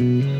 Mm-hmm.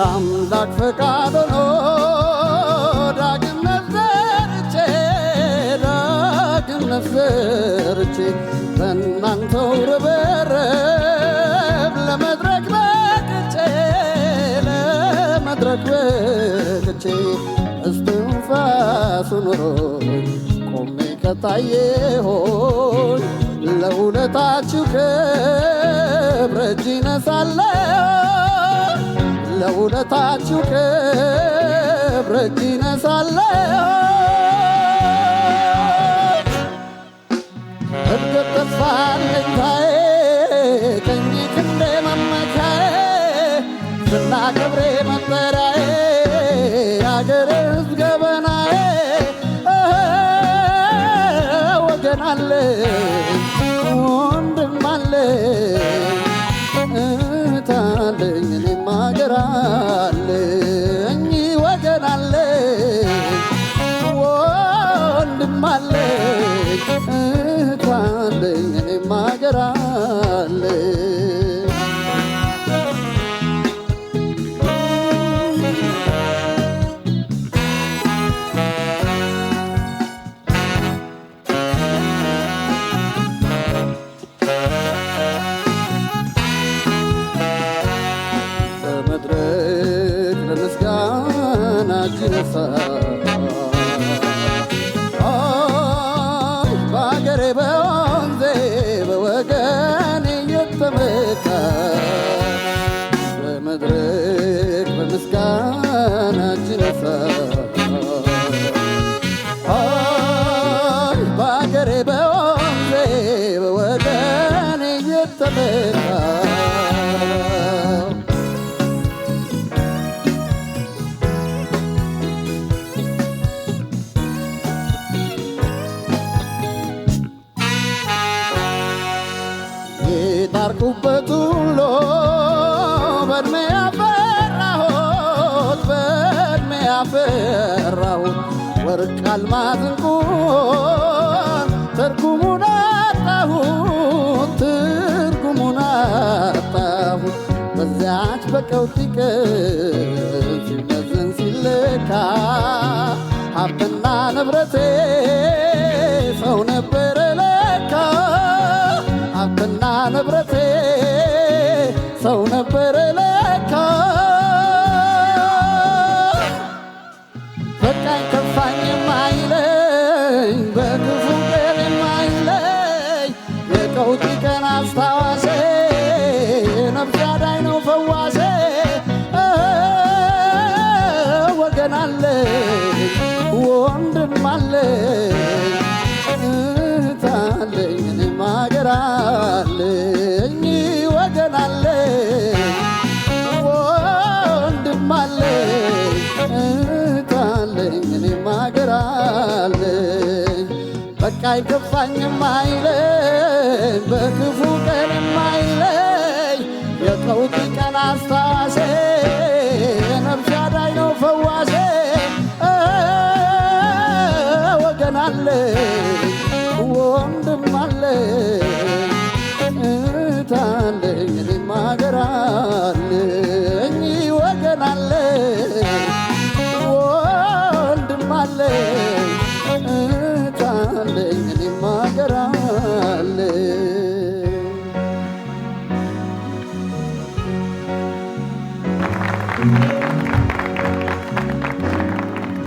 የአምላክ ፈቃድ ሆኖ ዳግም ነበርቼ ዳግም ነበርቼ በእናንተው ርብርብ ለመድረክ በቅቼ ለመድረክ በቅቼ እስትንፋሱ ኑሮ ቆሜ ከታየሆን ለውለታችሁ ክብር እጅ ነሳለሁ ለውለታችሁ ክብር እጅ ነሳለሁ እንደ ተስፋ አለኝታዬ ቀኝ ክንዴ መመኪያዬ ዝና ክብሬ መጠሪያዬ የአገር ሕዝብ ገበናዬ ወገን አለ I do for you. ባርኩበት ሁሉ በእድሜ ያፈራሁት በእድሜ ያፈራሁት ወርቅ አልማዝ እንቁን ትርጉሙን አጣሁት ትርጉሙን አጣሁት በዚያች በቀውጢ ቅጽበት ሲመዘን ሲለካ ሀብትና ንብረቴ ህይወቴ ሰው ነበር ለካ በቃኝ ከፋኝ የማይለኝ በክፉ ቀን የማይለኝ የቀውጢ ቀን አስታዋሴ የነፍስ አዳኝ ነው ፈዋሴ ወገን አለ ወንድም አለ እኔም አገር ስቃይ ከፋኝም አይለኝ በክፉ ቀን አይለኝ የቀውጢ ቀን አስታዋሴ ነፍሴ አዳኝ ነው ፈዋሴ ወገናለ